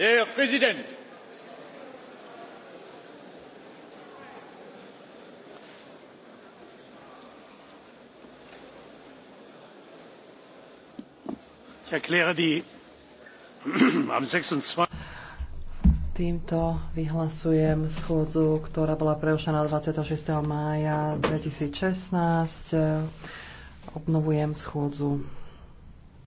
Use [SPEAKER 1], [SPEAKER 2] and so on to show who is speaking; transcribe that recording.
[SPEAKER 1] herr präsident!
[SPEAKER 2] ich erkläre die am. 26.
[SPEAKER 3] týmto vyhlasujem schôdzu, ktorá bola prerušená 26. mája 2016. Obnovujem
[SPEAKER 4] schôdzu.